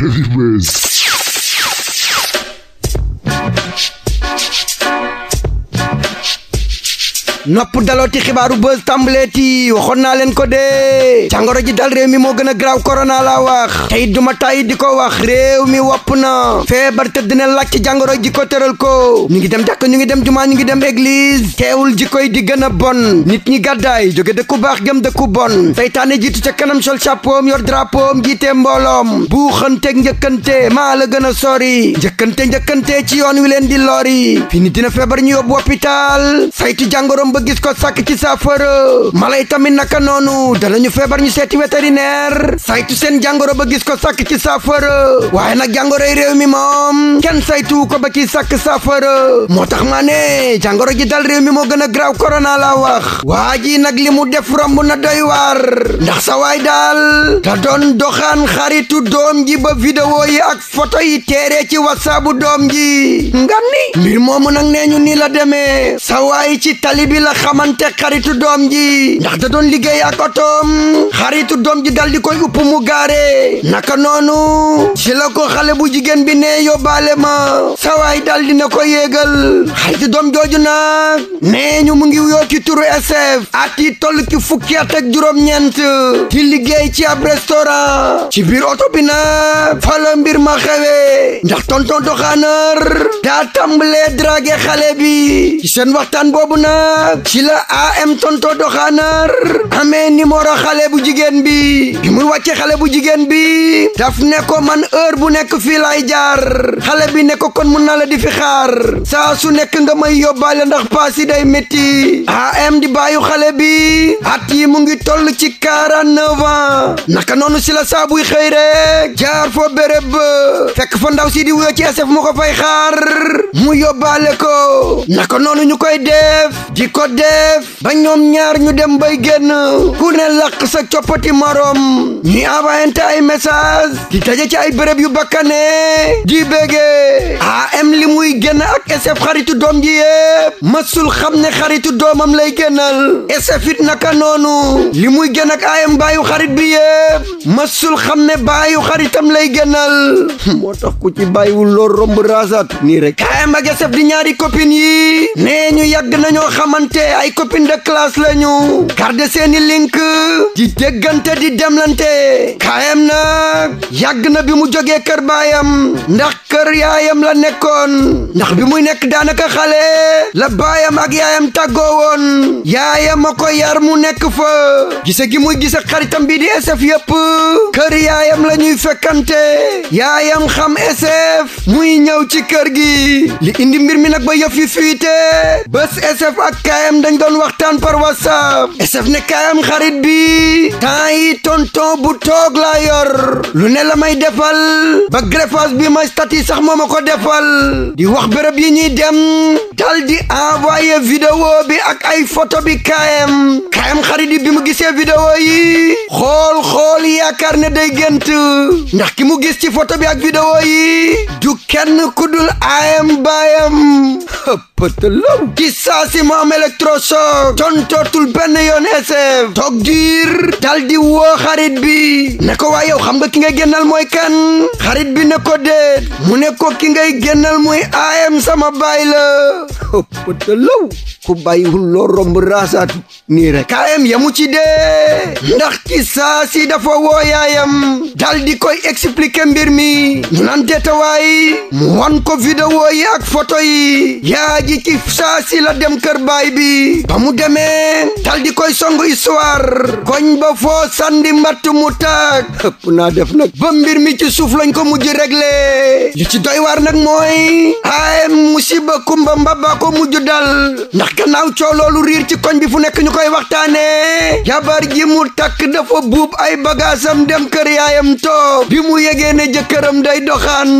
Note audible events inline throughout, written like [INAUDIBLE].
Heavy Maze. nopp dalooti xibaaru buzz tàmbaleeti waxoon naa leen ko dee jàngoro ji dal réew mi moo gën a graaw korona laa wax tey duma tàyyi di ko wax réew mi wopp na feebar te dina laaj ci jàngoro ji ko tëral ko ñu ngi dem jàkk ñu ngi dem jumaa ñu ngi dem église teewul ji koy di gën a bon nit ñi gàddaay jóge dëkku baax jëm dëkku bon seytaane jiitu ca kanam sol chapeau yor drapeau jiite mbooloom buuxanteeg njëkkante maa la gën a sori njëkkante njëkkante ci yoon wi leen di lori fi nit dina feebar ñu yóbbu hôpital saytu jàngoro doom ba gis ko sàkk ci saafara mala yi tamit naka noonu danañu feebar ñu seeti vétérinaire saytu seen jàngoro ba gis ko sàkk ci saafara waaye na jàngoro yi réew mi moom kenn saytu ko ba ci sàkk saafara moo tax maa ne jàngoro ji dal réew mi moo gën a graaw korona laa wax waa ji nag li mu def romb na doy waar ndax sa waay daal da doon doxaan xaritu doom ji ba vidéo yi ak photo yi teeree ci whatsapp bu doom ji nga ni mbir moomu nag nee ñu ni la demee sa ci tali bi la xamante xaritu doom ji ndax da doon liggéey ak otoom xaritu doom ji dal di koy upp mu gaare naka noonu ci la ko xale bu jigéen bi ne yóbbaale ma sawaay dal di na ko yéegal xaritu doom jooju na nee ñu mu ngi yoo ci turu SF at yi toll ci fukki at ak juróom-ñeent ci liggéey ci ab restaurant ci biir oto bi nag fa mbir ma xewee ndax tonton doxaanar daa tàmbalee dragué xale bi ci seen waxtaan boobu nag ci la am tonto doxaanar amee numéro xale bu jigéen bi bi muy wàcce xale bu jigéen bi daf ne ko man heure bu nekk fii lay jaar xale bi ne kon mun naa la di fi xar saa su nekk nga may yobbale ndax paas yi day métti am di baayu xale bi at yi mu ngi toll ci quarante-neuf naka noonu si la saa buy xëy rek jaar foo béréb fekk fa ndaw si di wuyoo ci SF mu ko fay xaar mu yóbbaale ko naka noonu ñu koy def ko def ba ñoom ñaar ñu dem bay génn ku ne làq sa coppati morom ñu envoyante ay message di taje ci ay bërëb yu bakkane di béggee am li muy génn ak SF xaritu doom ji yëpp masul xam ne xaritu doomam lay génnal SF it naka li muy génn ak am baayu xarit bi yëpp masul xam ne bayu xaritam lay génnal [LAUGHS] moo tax ku ci bàyyiwul lool romb rasat nii rek am ak SF di ñaari copine yi nee ñu yàgg nañoo xamante xamante ay copine de classe lañu garde seeni link di déggante di demlante kaayam nag yàgg na bi mu jógee kër baayam ndax kër yaayam la nekkoon ndax bi muy nekk daanaka xale la baayam ak yaayam tàggoo woon yaayam a ko yar mu nekk fa gise gi muy gise xaritam bi di SF yëpp kër yaayam la ñuy fekkante yaayam xam SF muy ñëw ci kër gi li indi mbir mi nag ba yëf yi fuite bés SF ak kaayam dañ doon waxtaan par whatsapp sf ne kaayam xarit bi temps yi tonton bu toog laa lu ne la may defal ba greffage bi ma statut sax moo ma ko defal di wax bërëb yi ñuy dem dal di envoyé bi ak ay photo bi kaayam kaayam xarit bi mu gisee vidéo yi xool xool yaakaar ne day gént ndax ki mu gis ci photo bi ak vidéo yi du kenn ku dul ayam baayam pëttalam ci saa si mu am électrochoc tontootul benn yoon eseef toog woo xarit bi ne ko waa xam nga ki ngay génnal mooy kan xarit bi ne ko mu ne ki ngay génnal muy am sama baay la pëttalaw [LAUGHS] ku bàyyiwul loo romb raasaatu nii rek am yamu ci dee ndax ci dafa woo yaayam koy expliquer mbir mi ñu naan deetawaay mu wan ko vidéo yi ak photo ji ci saa la dem kër baay bi ba mu demee dal di koy songu histoire koñ ba foo sandi mbatt mu taag ëpp naa def nag ba mbir mi ci suuf lañ ko mujj réglé li ci doy waar nag mooy aaye musiba kumba mbaba ko mujj dal ndax gannaaw coo loolu riir ci koñ bi fu nekk ñu koy waxtaane jabar ji mu takk dafa buub ay bagaasam dem kër yaayam toog bi mu yegee ne jëkkëram day doxaan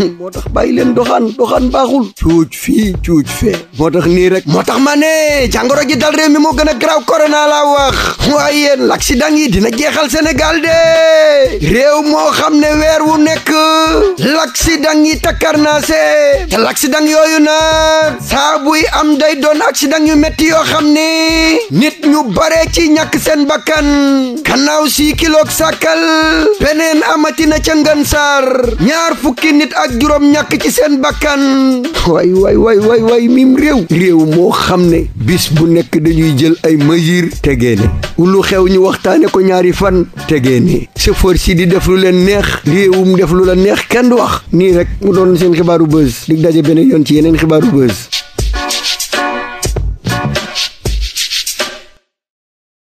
[LAUGHS] moo tax bàyyi doxaan doxaan baaxul cuuj fii cuuj fee moo tax nii moo tax ma ne jàngoro ji dal réew mi moo gën a garaaw korona laa wax waaye yéen l'accident yi dina jeexal Sénégal de réew moo xam ne weer wu nekk l'accident yi takkarnaase te l'accident yooyu nag saa buy am day doon accident yu métti yoo xam ni nit ñu bare ci ñàkk seen bakkan kannaaw sii kiloog sàkkal beneen amatina ca ngan sar ñaar fukki nit ak juróom ñàkk ci seen bakkan way way way way way mim réew réew moo xam ne bis bu nekk dañuy jël ay mesures tegeene lu xew ñu waxtaane ko ñaari fan tegeene chauffeur si di def leen neex réewum def la neex kenn kenn du wax nii rek mu doon seen xibaaru buzz dig daje beneen yoon ci yeneen xibaaru buzz